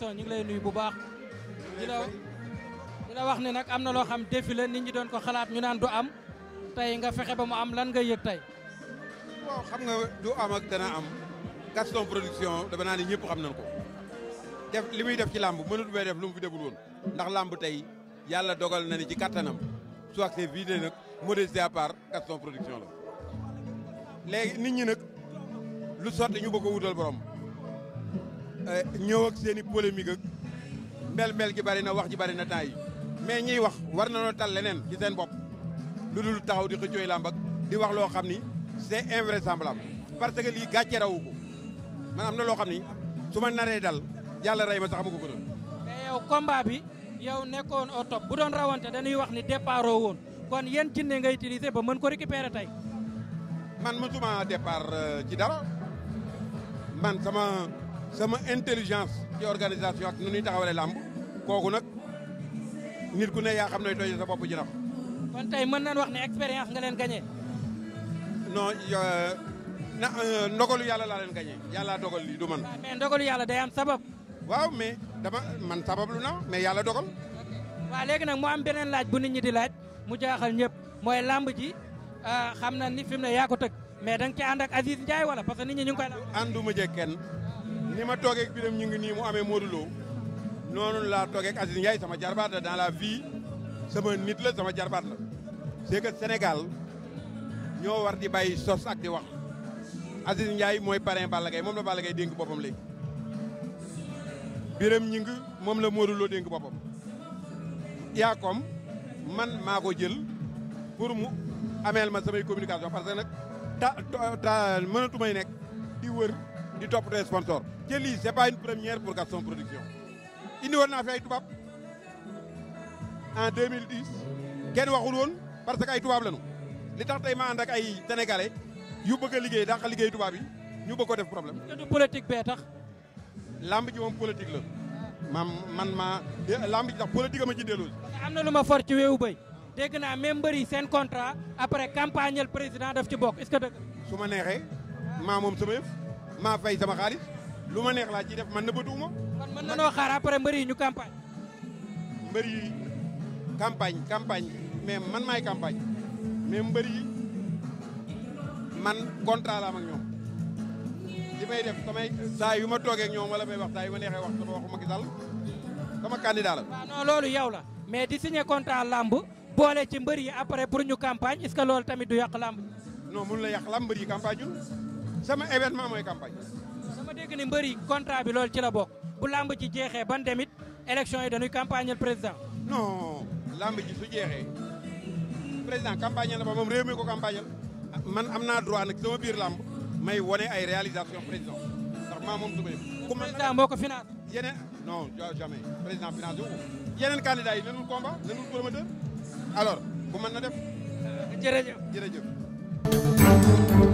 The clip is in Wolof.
communication ñu ngi lay nuyu bu baax di la di la wax ne nag am na loo xam défilé nit ñi doon ko xalaat ñu naan du am tey nga fexe ba mu am lan nga yëg tey waaw xam nga du am ak dana am Gaston production dama naa ne ñëpp xam nañ ko def li muy def ci làmb mënut may def lu mu fi deful woon ndax làmb tey yàlla dogal na ni ci kattanam su ak see vidé nag modestie à part Gaston production la léegi nit ñi nag lu sotti ñu bëgg a wutal borom ñëw ak seen i polémique ak mbel gi bari na wax ji bari na temps yi mais ñiy wax war nañoo tal leneen ci seen bopp lu dul taxaw di xëccooy làmb ak di wax loo xam ni c'est invraisemblable parce que lii gàcce rawu ko man am na loo xam ni su ma naree dal yàlla rey ma sax mu ko ko doon. mais yow combat bi yow nekkoon au top bu doon rawante dañuy wax ni départ woon kon yan ne nga utiliser ba mën ko récupérer tey. man mësuma départ euh, ci dara man sama. sama intelligence ci organisation ak nu ñuy e làmb kooku nag nit ku ne yaa xam ne doy sa bopp jëraf kon tey mën nañ wax ne expérience nga leen gagné. non na euh, ndogalu yàlla laa leen gagné yàlla dogal lii du man. waaw ah, mais ndogalu yàlla day am sabab. waaw mais dama man sabablu na mais yàlla dogal. waa léegi nag mu am beneen laaj bu nit ñi di laaj mu jaaxal ñëpp mooy làmb ji euh, xam na ni fi mu ne yaa ko tëgg mais da nga ci ànd ak Aziz Ndiaye wala parce que nit ñi ñu ngi koy. ànduma jeeg kenn. ni ma toogeeg bi dem ñu ngi nii mu amee Modou Lo noonu laa toogeeg Aziz Ndiaye sama jarbaat la dans la vie sama nit la sama jarbaat la c'est que ñoo war di bàyyi sos ak di wax Aziz mooy parrain Balla Gaye moom la Balla Gaye dénk boppam Biram Ñing moom la Modou Lo dénk boppam yaa kom man maa ko jël pour mu ameel ma samay communication parce que nag ta ta mënatu nekk di wër di toppatoo sponsor te lii c'est pas une première pour Gaston Production indi woon naa fi ay tubaab en 2010 kenn waxul woon parce que ay tubaab lañu li tax tey ma ànd ak ay sénégalais yu bëgg a liggéey dàq liggéey tubaab yi ñu bëgg ko def problème. te du politique tax. lamb ji moom politique maam man ma lamb ji tax politique a ma ci delloo. am na lu ma for ci wéewu bay dégg naa même mbëri seen contrat après campagne président def ci bokk est-ce que dëgg. su ma neexee maa moom sama yëf. maa fay sama xaalis lu ma neex laa ciy def man nëbbatuwuma. kon mën na noo xaar après mbër yi ñu campagne. mbër yi campagne campagne mais man may campagne mais mbër yi man contrat la am ak ñoom li may def samay saa yu ma toogee ak ñoom wala may wax saa yu ma neexee wax sama waxu Macky Sall sama candidat la. waaw non loolu yow la mais di signé contrat lamb boole ci mbër yi après pour ñu campagne est-ce que loolu tamit du yàq lamb non mënu la yàq làmb mbër yi campagne ñun. sama événement mooy campagne. dama dégg ni mbëri contrat bi loolu ci la bokk bu làmb ci jeexee ban demit élection yi danuy campagne président. non làmb ji su jeexee président campagne na ba moom réew mi ko campagne man am naa droit nag sama biir làmb may wone ay réalisation président ndax maa moom su président moo ko financé. yeneen non jamais président financé wu ko yeneen candidats yi nanul combat nanul promoteur alors ku mën na def. Euh, jërëjëf